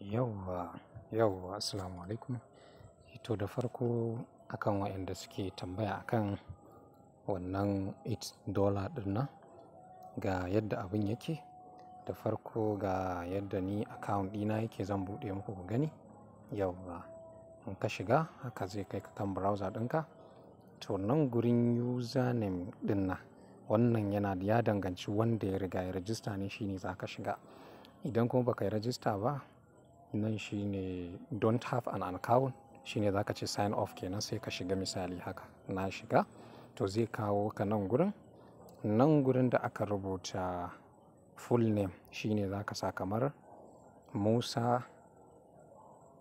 Yauwa, yauwa. Assalamu alaikum. To da farko akan waɗanda suke tambaya akan wannan it dollar ɗin ga yadda abin yake. Da farko ga yadda ni account ɗina yake zan buɗe muku ku gani. Yauwa in ka shiga haka zai kai ka kan browser ɗinka. To nan gurin username ɗin nan wannan yana ya danganci wanda ya riga ya rajista ne shine za ka shiga. Idan kuma baka yi rajista ba nan shi ne don't have an account shine zaka ce sign off kenan sai ka shiga misali haka na shiga to zai kawo ka nan gurin nan gurin da aka rubuta full name shine ka sa kamar Musa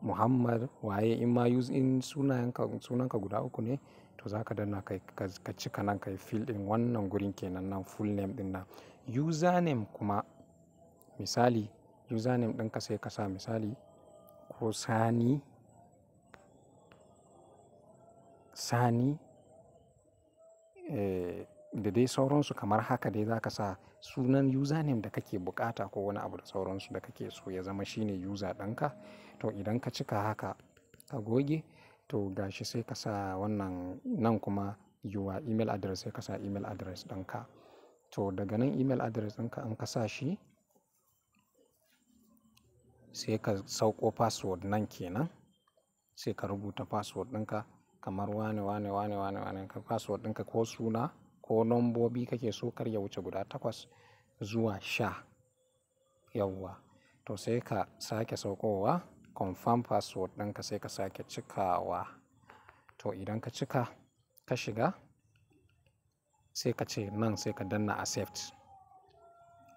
Muhammad waye in ma use in sunayenka sunanka guda uku ne to ka danna kai ka cika nan kai fil din wannan gurin kenan nan full name din nan username kuma misali username ɗinka sai ka sa misali ko sani sani eh, da dai sauransu kamar haka dai zaka sa sunan username da kake bukata ko wani abu da sauransu da kake so ya zama shine user ɗinka to idan ka cika haka ka goge to gashi sai ka sa wannan nan kuma yiwa email address sai ka sa email address ɗinka to daga nan email address ɗinka an ka sa shi sai ka sauko password nan kenan sai ka rubuta password ɗinka kamar wane wane wane wane wane ka password ɗinka ko suna ko nombobi kake so kar ya wuce guda takwas zuwa sha yawwa to sai ka sake saukowa confirm password ɗinka sai ka sake cikawa to idan ka cika ka shiga sai ka ce nan sai ka danna accept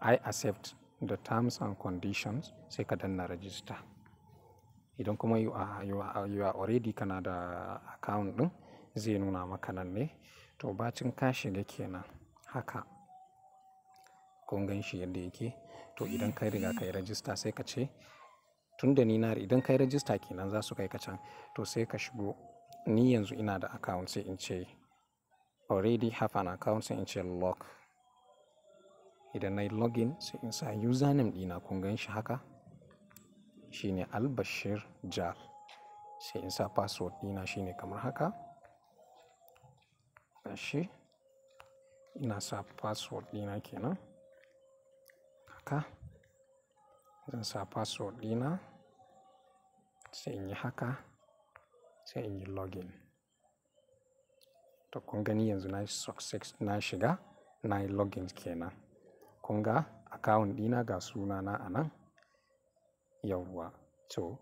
i accept da terms and conditions sai ka danna register idan kuma you are, you are, you already kana da account din zai nuna maka nan ne to bacin ka shiga kenan haka kun gan shi yadda yake to idan kai riga kai rajista sai ka ce tun da ni na idan kai rajista kenan za su kai ka can to sai ka shigo ni yanzu ina da account sai in ce already have an account sai in ce lock idan na yi login sai in sa username dina kun gan shi haka shine albashir jal sai in sa password ɗina shine kamar haka shi ina sa password dina kenan haka zan sa password dina sai in yi haka sai in yi login to kun gani yanzu na shiga na yi login kenan kun ga akawun dina ga sunana a nan yawwa to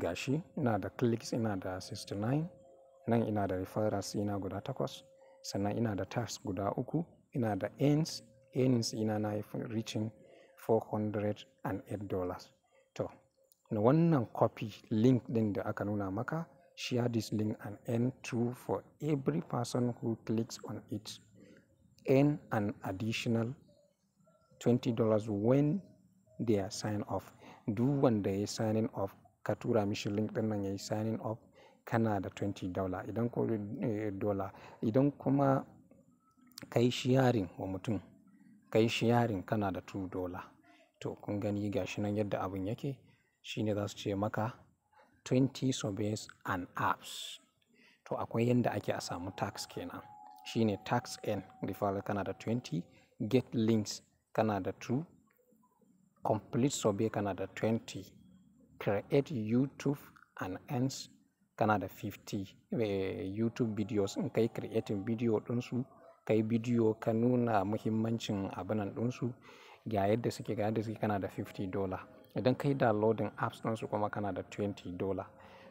gashi ina da clicks ina da 69 nan ina da referrals ina guda takwas sannan ina da tax guda uku ina da ends ends ina na reaching 408 dollars to na wannan copy link din da aka nuna maka share this link and earn true for every person who clicks on it earn an additional 20 dollars when they are sign off duk wanda ya signing off ka tura mishi link din ya signing off kana da 20 dollar idan ko eh, dollar idan kuma kai sharing wa mutum kai sharing kana da 2 dollar to kun gani gashi nan yadda abun yake shine za su ce maka 20 surveys and apps to akwai yadda ake a samu tax kenan shine tax n referral kana da 20 get links kana da 2 complete survey kana da 20 create youtube and ends Canada da 50 eh, youtube videos in kai creating video su kai bidiyo ka nuna muhimmancin abinan ɗinsu ga yadda suke ga yadda suke kana da 50 dollar idan kai downloading apps su kuma kana da 20 dollar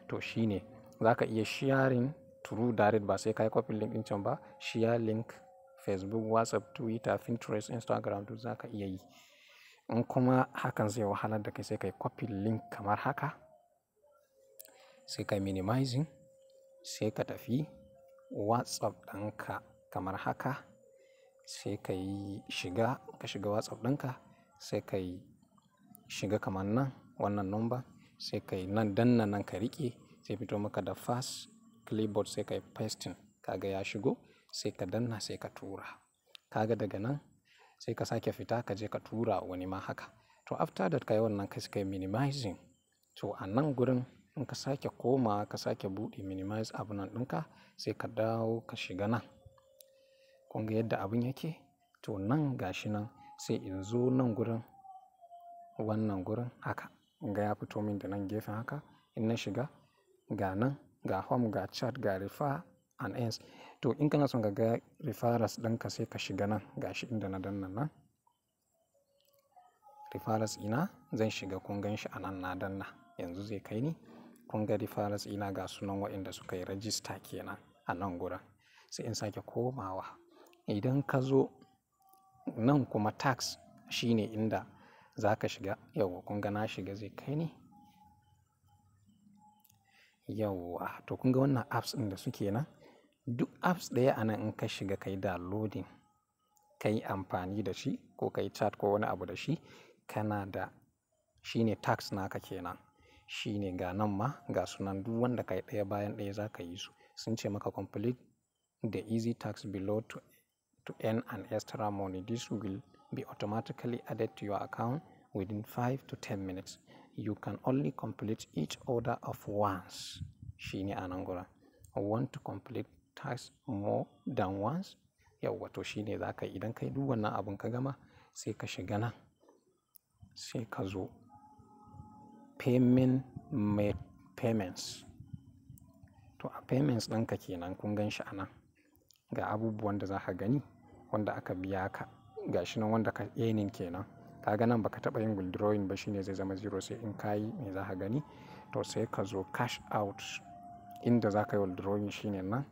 to shine zaka iya sharing through direct ba sai ka yi copy link ɗin can ba share link facebook whatsapp twitter pinterest instagram duk zaka iya yi in kuma hakan zai wahalar da kai sai ka copy link kamar haka sai kai minimizing sai ka tafi whatsapp ɗinka kamar haka sai ka yi shiga ka shiga whatsapp ɗinka sai ka yi shiga kamar nan wannan number sai ka yi nan danna nan ka riƙe sai fito maka da fast clipboard sai ka yi pasting kaga ya shigo sai ka danna sai ka tura kaga daga nan sai ka sake fita ka je ka tura wani ma haka to after that ka yi wannan kai kai minimizing to a nan gurin in ka sake koma ka sake buɗe minimize abu nan ɗinka sai ka dawo ka shiga nan kun ga yadda abin yake to nan gashi nan sai in zo nan gurin wannan gurin haka ga ya fito min da nan gefen haka in na shiga ga nan ga home ga chat ga rifa and ends to in kana son ka ga referrals ka sai ka shiga nan gashi inda na danna nan referrals ina zan shiga kun ganshi shi a nan na danna yanzu zai kai ni kun ga referrals ina ga sunan waɗanda suka yi rajista kenan a nan sai in sake komawa idan ka zo nan kuma tax shine inda za ka shiga yawwa kun ga na shiga zai kai ni yawwa to kun ga wannan apps ɗin da suke nan duk apps ɗaya a nan in ka shiga kai downloading ka yi amfani da shi ko ka yi chat ko wani abu da shi kana da shi ne tax naka kenan shi ne ga nan ma ga sunan duk wanda ka yi ɗaya bayan ɗaya za ka yi su sun ce maka complete the easy tax below to, to earn an extra money this will be automatically added to your account within 5 to 10 minutes you can only complete each order of once shi ne a nan gura want to complete tax more than once yawwa to shine za ka idan kai duk wannan abin ka gama sai ka shiga nan sai ka zo payment made payments to a payments ɗinka kenan kun gan shi a nan ga abubuwan da za ka gani wanda aka biya ka ga shi nan wanda ka enin kenan ka kaga nan baka taɓa yin withdrawing ba shine zai zama zero sai in kayi me za ka gani to sai ka zo cash out inda za ka yi withdrawing shine nan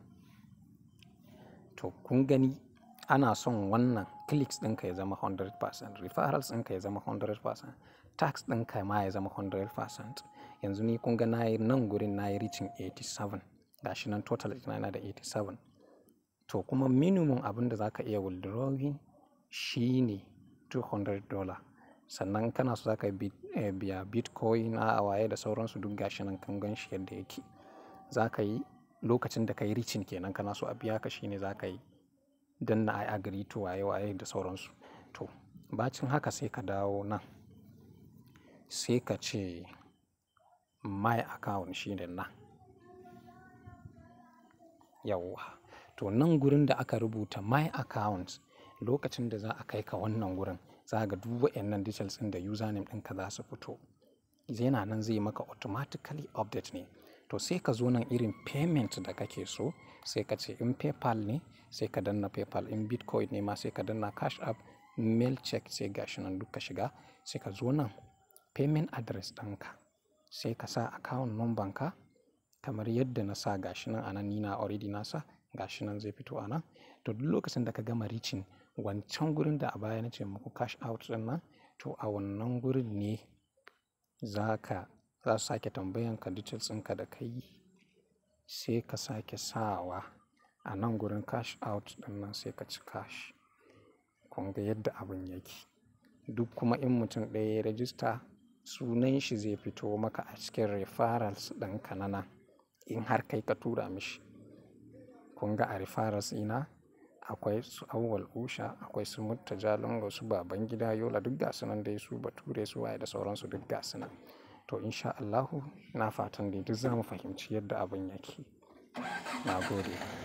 to kun gani ana son wannan clicks ɗinka ya zama 100% referrals ɗinka ya zama 100% tax ɗinka ma ya zama 100% yanzu ni kun ga na nan gurin na yi reaching 87 gashi nan total yana da 87 to kuma minimum abin da za ka iya withdrawing shi ne $200 sannan kana so za ka eh, biya bitcoin a waye da sauransu duk gashi nan kan gan shi yadda yake za ka yi lokacin da ka yi ricin kenan kana so a biya ka shine za ka yi don na ai yi to waye waye da sauransu to bacin haka sai ka dawo nan sai ka ce my account shine nan yawwa to nan gurin da aka rubuta my account lokacin da za a kai ka wannan gurin za ga duk waɗannan details ɗin da username ɗinka za su fito yana nan zai maka automatically update ne to sai ka zo nan irin payment da kake so sai ka ce in paypal ne sai ka danna paypal in bitcoin ne ma sai ka danna cash app mail check sai gashi nan duk shiga sai ka zo nan payment address ɗinka sai ka sa account number ka kamar yadda na sa gashi nan anan ni na already na sa gashi nan zai fito anan to duk lokacin da ka gama reaching wancan gurin da a baya na ce muku cash out ɗin nan to a wannan gurin ne za ka za su sake tambayan ka details ɗinka da ka sai ka sake sawa a nan gurin cash out ɗin nan sai ka ci cash kun ga yadda abin yake duk kuma in mutum ɗaya ya rajista sunan shi zai fito maka a cikin referrals ɗin kanana in har kai ka tura mishi kun ga a referrals ina akwai su awwal usha akwai su mutta jalungo su baban gida yola duk gasu nan dai su bature su waye da sauransu duk gasu nan to insha Allahu na fatan dai duk za mu fahimci yadda abin yake na gode